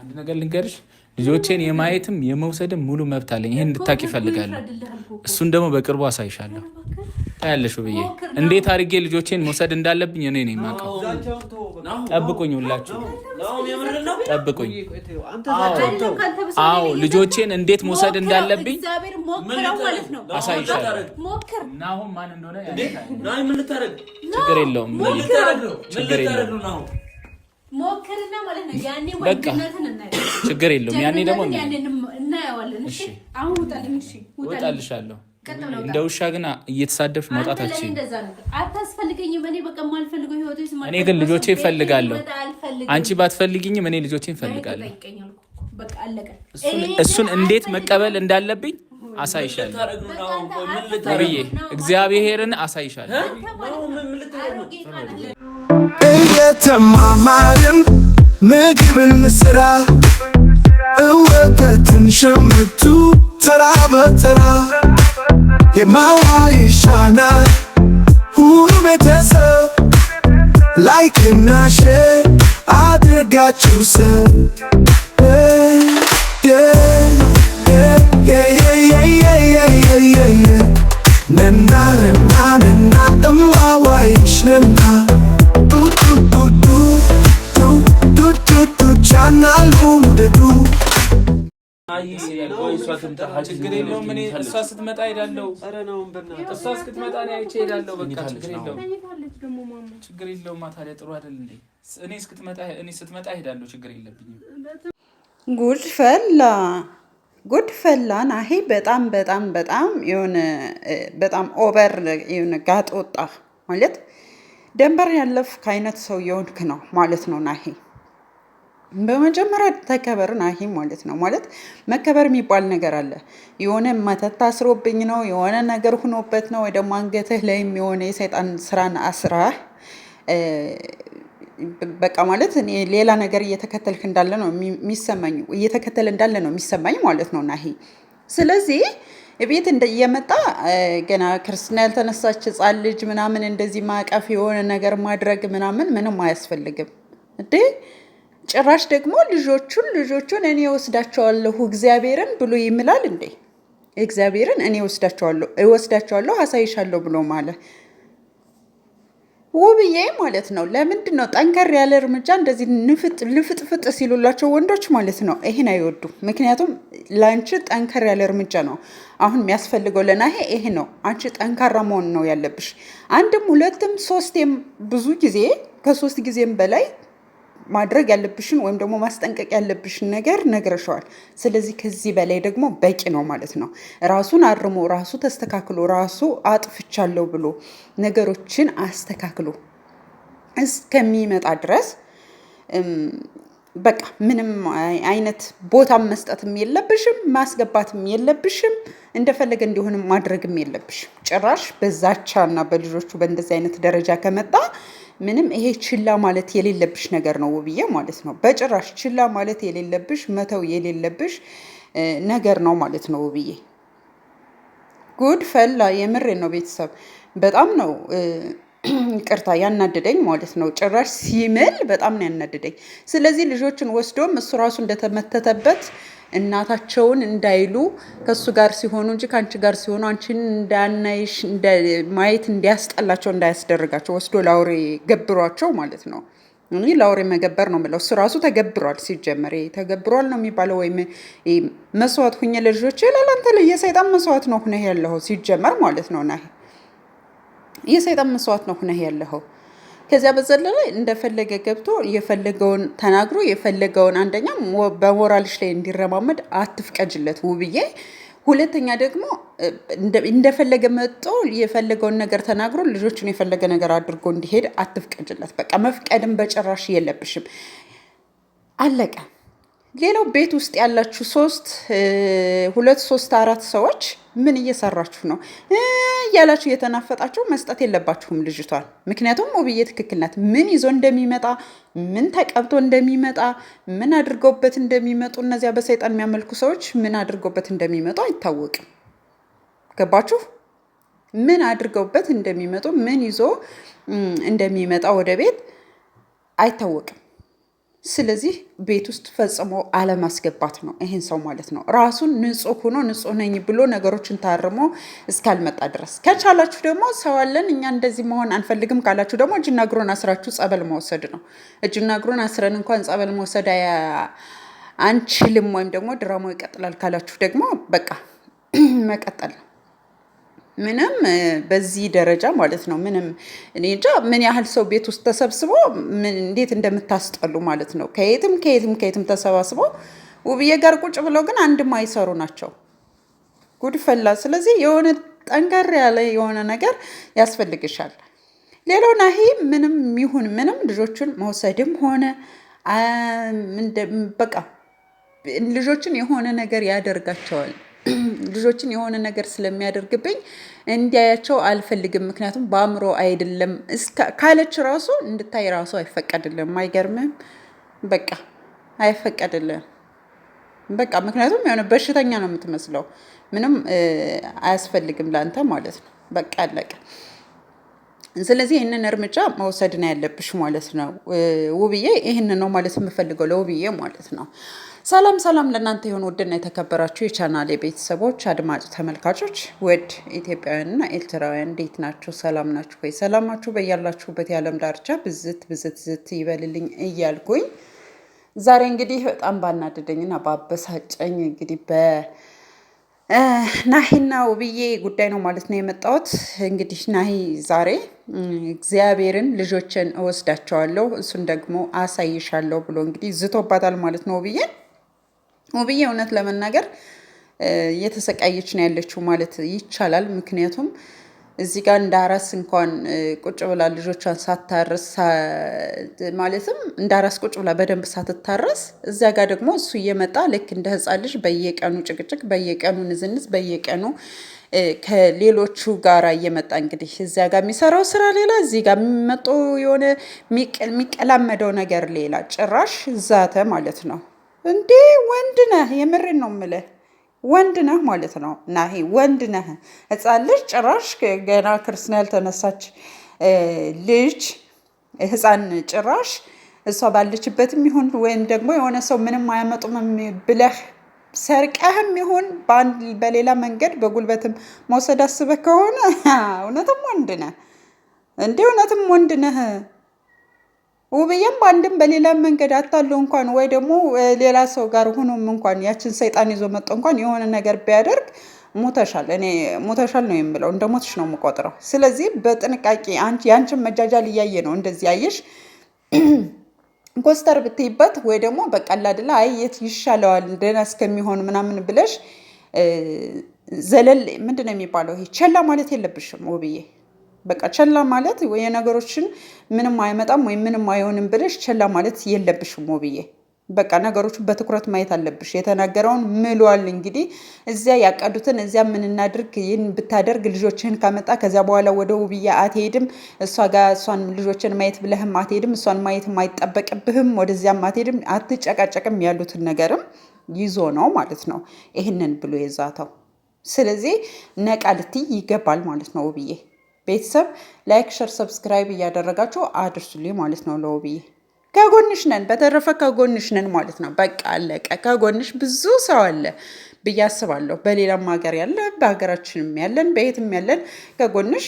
አንድ ነገር ልንገርሽ፣ ልጆቼን የማየትም የመውሰድም ሙሉ መብት አለኝ። ይህን እንድታቅ ይፈልጋለሁ። እሱን ደግሞ በቅርቡ አሳይሻለሁ። ታያለሽ ብዬ እንዴት አድርጌ ልጆቼን መውሰድ እንዳለብኝ እኔ ነው የማውቀው። ጠብቁኝ፣ ሁላችሁ ጠብቁኝ። አዎ ልጆቼን እንዴት መውሰድ እንዳለብኝ አሳይሻለሁ። ችግር የለውም፣ ችግር የለውም። ሞክርና ማለት ነው። ያኔ ወንድነትን እናያለን። ችግር የለውም። ያኔ ደግሞ እናያዋለን። እሺ አሁን ውጣልኝ። እሺ ውጣልሻለሁ። እንደ ውሻ ግን እየተሳደብሽ መውጣት አልችልም። አታስፈልገኝም። እኔ በቃ የማልፈልገው እኔ ግን ልጆቼ እፈልጋለሁ። አንቺ ባትፈልጊኝም እኔ ልጆቼ እፈልጋለሁ። እሱን እንዴት መቀበል እንዳለብኝ አሳይሻለሁ። ወርዬ እግዚአብሔርን አሳይሻለሁ። እየተማማርን ምግብን ስራ እወተትን ሸምቱ ተራ በተራ የማዋ ሁሉ ቤተሰብ ላይክና ሼር አድርጋችሁ ሰብ ችግር የለውም። እኔ እሷ ስትመጣ እሷ እኔ አይቼ በቃ ችግር የለውም፣ ችግር የለውም። ታዲያ ጥሩ አይደል? እኔ ስትመጣ ሄዳለሁ። ችግር የለብኝም። ጉድ ፈላ፣ ጉድ ፈላ። ናሂ በጣም በጣም በጣም የሆነ በጣም ኦቨር የሆነ ጋጥ ወጣ ማለት ደንበር ያለፍክ አይነት ሰው የሆንክ ነው ማለት ነው ናሂ በመጀመሪያ ተከበር ናሂ ማለት ነው። ማለት መከበር የሚባል ነገር አለ። የሆነ መተት ታስሮብኝ ነው የሆነ ነገር ሁኖበት ነው ወይ ደግሞ አንገትህ ላይም የሆነ የሰይጣን ስራን አስራ በቃ ማለት እኔ ሌላ ነገር እየተከተልክ እንዳለ ነው የሚሰማኝ እየተከተል እንዳለ ነው የሚሰማኝ ማለት ነው ናሂ። ስለዚህ ቤት እየመጣ ገና ክርስትና ያልተነሳች ሕፃን ልጅ ምናምን እንደዚህ ማቀፍ የሆነ ነገር ማድረግ ምናምን ምንም አያስፈልግም እንዴ ጭራሽ ደግሞ ልጆቹን ልጆቹን እኔ ወስዳቸዋለሁ እግዚአብሔርን ብሎ ይምላል እንዴ? እግዚአብሔርን እኔ ወስዳቸዋለሁ እወስዳቸዋለሁ አሳይሻለሁ ብሎ ማለት ውብዬ ማለት ነው። ለምንድን ነው ጠንከር ያለ እርምጃ እንደዚህ ንፍጥ ልፍጥፍጥ ሲሉላቸው ወንዶች ማለት ነው? ይሄን አይወዱም። ምክንያቱም ለአንቺ ጠንከር ያለ እርምጃ ነው አሁን የሚያስፈልገው ለናሄ ይሄ ነው። አንቺ ጠንካራ መሆን ነው ያለብሽ። አንድም ሁለትም ሶስትም ብዙ ጊዜ ከሶስት ጊዜም በላይ ማድረግ ያለብሽን ወይም ደግሞ ማስጠንቀቅ ያለብሽን ነገር ነግረሸዋል። ስለዚህ ከዚህ በላይ ደግሞ በቂ ነው ማለት ነው። ራሱን አርሞ ራሱ ተስተካክሎ ራሱ አጥፍቻለሁ ብሎ ነገሮችን አስተካክሎ እስከሚመጣ ድረስ በቃ ምንም አይነት ቦታም መስጠትም የለብሽም፣ ማስገባትም የለብሽም፣ እንደፈለገ እንዲሆንም ማድረግም የለብሽም። ጭራሽ በዛቻ እና በልጆቹ በእንደዚህ አይነት ደረጃ ከመጣ ምንም ይሄ ችላ ማለት የሌለብሽ ነገር ነው ውብዬ ማለት ነው። በጭራሽ ችላ ማለት የሌለብሽ መተው የሌለብሽ ነገር ነው ማለት ነው ውብዬ። ጉድ ፈላ። የምሬ ነው ቤተሰብ በጣም ነው ቅርታ ያናደደኝ ማለት ነው። ጭራሽ ሲምል በጣም ነው ያናደደኝ። ስለዚህ ልጆችን ወስዶም እሱ ራሱ እንደተመተተበት እናታቸውን እንዳይሉ ከእሱ ጋር ሲሆኑ እንጂ ከአንቺ ጋር ሲሆኑ አንቺን እንዳናይሽ ማየት እንዲያስጠላቸው እንዳያስደርጋቸው ወስዶ ላውሬ ገብሯቸው ማለት ነው። እኔ ላውሬ መገበር ነው የምለው። እሱ ራሱ ተገብሯል። ሲጀመር ተገብሯል ነው የሚባለው። ወይም መስዋዕት ሁኜ ለልጆች ይላል። አንተ ላይ የሰይጣን መስዋዕት ነው ሁነህ ያለኸው ሲጀመር ማለት ነው ና የሰይጣን መስዋዕት ነው ሁነህ ያለኸው ከዚያ በዘለለ እንደፈለገ ገብቶ የፈለገውን ተናግሮ የፈለገውን አንደኛም በሞራልሽ ላይ እንዲረማመድ አትፍቀጅለት ውብዬ። ሁለተኛ ደግሞ እንደፈለገ መጦ የፈለገውን ነገር ተናግሮ ልጆቹን የፈለገ ነገር አድርጎ እንዲሄድ አትፍቀጅለት። በቃ መፍቀድም በጭራሽ የለብሽም። አለቀ። ሌላው ቤት ውስጥ ያላችሁ ሶስት ሁለት ሶስት አራት ሰዎች ምን እየሰራችሁ ነው እያላችሁ እየተናፈጣችሁ መስጠት የለባችሁም ልጅቷን። ምክንያቱም ውብዬ ትክክል ናት። ምን ይዞ እንደሚመጣ ምን ተቀብቶ እንደሚመጣ ምን አድርገውበት እንደሚመጡ እነዚያ በሰይጣን የሚያመልኩ ሰዎች ምን አድርገውበት እንደሚመጡ አይታወቅም። ገባችሁ? ምን አድርገውበት እንደሚመጡ ምን ይዞ እንደሚመጣ ወደ ቤት አይታወቅም። ስለዚህ ቤት ውስጥ ፈጽሞ አለማስገባት ነው ይሄን ሰው ማለት ነው። ራሱን ንጹህ ሆኖ ንጹህ ነኝ ብሎ ነገሮችን ታርሞ እስካልመጣ ድረስ ከቻላችሁ ደግሞ ሰው አለን እኛ እንደዚህ መሆን አንፈልግም ካላችሁ ደግሞ እጅና እግሩን አስራችሁ ጸበል መውሰድ ነው። እጅና እግሩን አስረን እንኳን ጸበል መውሰድ አንችልም ወይም ደግሞ ድራማው ይቀጥላል ካላችሁ ደግሞ በቃ መቀጠል ነው። ምንም በዚህ ደረጃ ማለት ነው። ምንም እኔ እንጃ ምን ያህል ሰው ቤት ውስጥ ተሰብስቦ እንዴት እንደምታስጠሉ ማለት ነው። ከየትም ከየትም ከየትም ተሰባስቦ ውብዬ ጋር ቁጭ ብለው ግን አንድም አይሰሩ ናቸው። ጉድ ፈላ። ስለዚህ የሆነ ጠንከር ያለ የሆነ ነገር ያስፈልግሻል። ሌላው ናሂ ምንም ይሁን ምንም ልጆቹን መውሰድም ሆነ በቃ ልጆችን የሆነ ነገር ያደርጋቸዋል። ልጆችን የሆነ ነገር ስለሚያደርግብኝ እንዲያያቸው አልፈልግም። ምክንያቱም በአእምሮ አይደለም ካለች ራሱ እንድታይ ራሱ አይፈቀድልም። አይገርምም? በቃ አይፈቀድልም። በቃ ምክንያቱም የሆነ በሽተኛ ነው የምትመስለው። ምንም አያስፈልግም ለአንተ ማለት ነው። በቃ አለቀ። ስለዚህ ይህንን እርምጃ መውሰድ ነው ያለብሽ ማለት ነው ውብዬ። ይህን ነው ማለት የምፈልገው ለውብዬ ማለት ነው። ሰላም ሰላም ለእናንተ የሆኑ ውድና የተከበራችሁ የቻናል የቤተሰቦች አድማጭ ተመልካቾች፣ ውድ ኢትዮጵያውያንና ኤርትራውያን እንዴት ናችሁ? ሰላም ናችሁ ወይ? ሰላማችሁ በያላችሁበት የዓለም ዳርቻ ብዝት ብዝት ዝት ይበልልኝ እያልኩኝ ዛሬ እንግዲህ በጣም ባናደደኝና ባበሳጨኝ እንግዲህ በናሂና ውብዬ ጉዳይ ነው ማለት ነው የመጣሁት። እንግዲህ ናሂ ዛሬ እግዚአብሔርን ልጆችን እወስዳቸዋለሁ እሱን ደግሞ አሳይሻለሁ ብሎ እንግዲህ ዝቶባታል ማለት ነው ውብዬን ውብዬ እውነት ለመናገር እየተሰቃየች ነው ያለችው ማለት ይቻላል። ምክንያቱም እዚህ ጋር እንዳራስ እንኳን ቁጭ ብላ ልጆቿን ሳታርስ ማለትም እንዳራስ ቁጭ ብላ በደንብ ሳትታረስ፣ እዚያ ጋር ደግሞ እሱ እየመጣ ልክ እንደ ሕፃን ልጅ በየቀኑ ጭቅጭቅ፣ በየቀኑ ንዝንዝ፣ በየቀኑ ከሌሎቹ ጋራ እየመጣ እንግዲህ እዚያ ጋር የሚሰራው ስራ ሌላ፣ እዚህ ጋር የሚመጡ የሆነ የሚቀላመደው ነገር ሌላ፣ ጭራሽ ዛተ ማለት ነው። እንዴ ወንድ ነህ፣ የምሬን ነው የምልህ ወንድ ነህ ማለት ነው ናሂ፣ ወንድ ነህ። ህፃን ልጅ ጭራሽ ገና ክርስትና ያልተነሳች ልጅ ህፃን ጭራሽ እሷ ባለችበትም ይሁን ወይም ደግሞ የሆነ ሰው ምንም አያመጡም ብለህ ሰርቀህም ይሁን በአንድ በሌላ መንገድ በጉልበትም መውሰድ አስበህ ከሆነ እውነትም ወንድ ነህ እንዴ፣ እውነትም ወንድ ነህ። ውብዬም በአንድም በሌላም መንገድ አታሉ እንኳን ወይ ደግሞ ሌላ ሰው ጋር ሆኖም እንኳን ያችን ሰይጣን ይዞ መጥቶ እንኳን የሆነ ነገር ቢያደርግ ሞተሻል፣ እኔ ሞተሻል ነው የምለው፣ እንደ ሞትሽ ነው የምቆጥረው። ስለዚህ በጥንቃቄ የአንችን መጃጃል እያየ ነው እንደዚህ አየሽ ኮስተር ብትይበት ወይ ደግሞ በቀላል አይደለ አየት ይሻለዋል ደህና እስከሚሆን ምናምን ብለሽ ዘለል ምንድን ነው የሚባለው? ይሄ ቸላ ማለት የለብሽም ውብዬ። በቃ ቸላ ማለት የነገሮችን ምንም አይመጣም ወይም ምንም አይሆንም ብለሽ ቸላ ማለት የለብሽም ውብዬ። በቃ ነገሮችን በትኩረት ማየት አለብሽ። የተናገረውን ምሏል። እንግዲህ እዚያ ያቀዱትን እዚያ ምን እናድርግ፣ ይህን ብታደርግ ልጆችህን ካመጣ ከዚያ በኋላ ወደ ውብዬ አትሄድም፣ እሷ ጋር እሷን ልጆችን ማየት ብለህም አትሄድም፣ እሷን ማየትም አይጠበቅብህም፣ ወደዚያም አትሄድም፣ አትጨቃጨቅም ያሉትን ነገርም ይዞ ነው ማለት ነው ይህንን ብሎ የዛተው። ስለዚህ ነቃ ልትይ ይገባል ማለት ነው ውብዬ። ቤተሰብ ላይክ፣ ሸር፣ ሰብስክራይብ እያደረጋችሁ አድርሱልኝ ማለት ነው። ሎቢ ከጎንሽ ነን፣ በተረፈ ከጎንሽ ነን ማለት ነው። በቃ አለቀ። ከጎንሽ ብዙ ሰው አለ ብዬ አስባለሁ። በሌላም ሀገር ያለ በሀገራችንም ያለን በየትም ያለን ከጎንሽ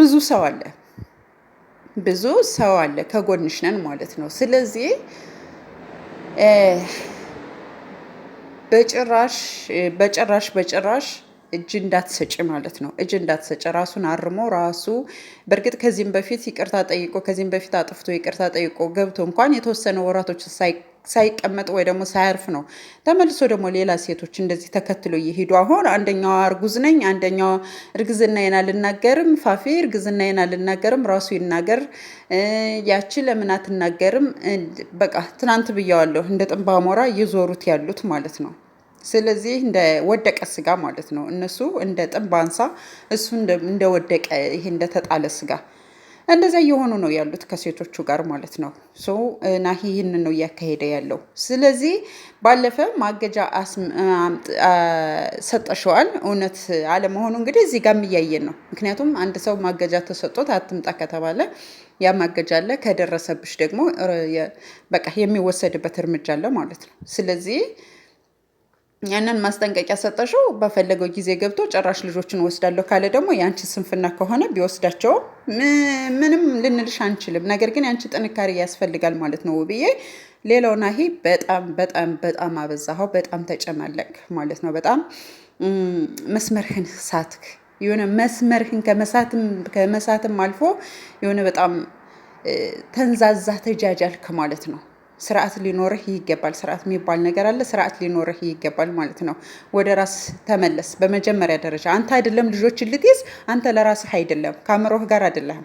ብዙ ሰው አለ፣ ብዙ ሰው አለ። ከጎንሽ ነን ማለት ነው። ስለዚህ በጭራሽ በጭራሽ በጭራሽ እጅ እንዳትሰጭ ማለት ነው። እጅ እንዳትሰጭ ራሱን አርሞ ራሱ በእርግጥ ከዚህም በፊት ይቅርታ ጠይቆ ከዚህም በፊት አጥፍቶ ይቅርታ ጠይቆ ገብቶ እንኳን የተወሰነ ወራቶች ሳይቀመጥ ወይ ደግሞ ሳያርፍ ነው ተመልሶ ደግሞ ሌላ ሴቶች እንደዚህ ተከትሎ እየሄዱ አሁን አንደኛዋ እርጉዝ ነኝ፣ አንደኛዋ እርግዝናዬን አልናገርም፣ ፋፌ እርግዝናዬን አልናገርም፣ ራሱ ይናገር፣ ያቺ ለምን አትናገርም? በቃ ትናንት ብያዋለሁ፣ እንደ ጥንባ ሞራ እየዞሩት ያሉት ማለት ነው። ስለዚህ እንደ ወደቀ ስጋ ማለት ነው። እነሱ እንደ ጥንብ አንሳ፣ እሱ እንደ ወደቀ ይሄ እንደተጣለ ስጋ እንደዚያ እየሆኑ ነው ያሉት ከሴቶቹ ጋር ማለት ነው። ሶ ናሂ ይህንን ነው እያካሄደ ያለው። ስለዚህ ባለፈ ማገጃ ሰጠሸዋል። እውነት አለመሆኑ እንግዲህ እዚህ ጋር እያየን ነው። ምክንያቱም አንድ ሰው ማገጃ ተሰጦት አትምጣ ከተባለ ያ ማገጃ አለ። ከደረሰብሽ ደግሞ በቃ የሚወሰድበት እርምጃ አለ ማለት ነው። ስለዚህ ያንን ማስጠንቀቂያ ሰጠሽው፣ በፈለገው ጊዜ ገብቶ ጭራሽ ልጆችን ወስዳለሁ ካለ ደግሞ የአንቺ ስንፍና ከሆነ ቢወስዳቸው ምንም ልንልሽ አንችልም። ነገር ግን የአንቺ ጥንካሬ ያስፈልጋል ማለት ነው ውብዬ። ሌላው ናሂ በጣም በጣም በጣም አበዛኸው፣ በጣም ተጨማለቅ ማለት ነው። በጣም መስመርህን ሳትክ። የሆነ መስመርህን ከመሳትም አልፎ የሆነ በጣም ተንዛዛ ተጃጃልክ ማለት ነው። ስርዓት ሊኖርህ ይገባል። ስርዓት የሚባል ነገር አለ። ስርዓት ሊኖርህ ይገባል ማለት ነው። ወደ ራስ ተመለስ። በመጀመሪያ ደረጃ አንተ አይደለም ልጆች ልትይዝ፣ አንተ ለራስህ አይደለም ከአእምሮህ ጋር አይደለም።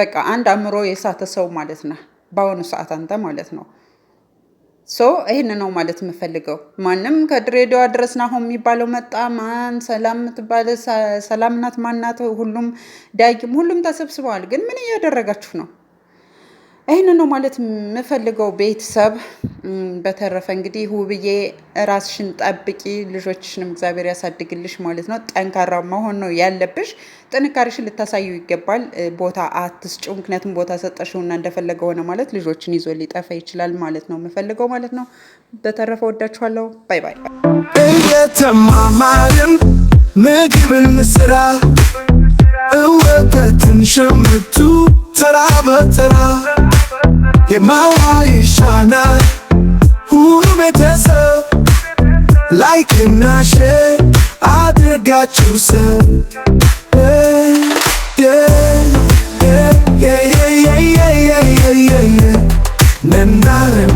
በቃ አንድ አእምሮ የሳተ ሰው ማለት ነህ በአሁኑ ሰዓት አንተ ማለት ነው። ሶ ይህን ነው ማለት የምፈልገው። ማንም ከድሬዳዋ ድረስ ናሆም የሚባለው መጣ። ማን ሰላም ትባለ፣ ሰላምናት ማናት? ሁሉም ዳጊም፣ ሁሉም ተሰብስበዋል። ግን ምን እያደረጋችሁ ነው? ይህን ነው ማለት የምፈልገው ቤተሰብ። በተረፈ እንግዲህ ውብዬ ራስሽን ጠብቂ፣ ልጆችሽንም እግዚአብሔር ያሳድግልሽ ማለት ነው። ጠንካራ መሆን ነው ያለብሽ። ጥንካሬሽን ልታሳዩ ይገባል። ቦታ አትስጭው። ምክንያቱም ቦታ ሰጠሽውና እንደፈለገ ሆነ ማለት ልጆችን ይዞ ሊጠፋ ይችላል ማለት ነው የምፈልገው ማለት ነው። በተረፈ ወዳችኋለሁ። ባይ ባይ። እየተማማርን ምግብን ስራ እወተትን ሸምቱ ተራ በተራ Yeah, my wife shana Ooh, me tessa Like in a shade I did got you, sir eh, Yeah, yeah, yeah, yeah, yeah, yeah, yeah, yeah, yeah, yeah, yeah.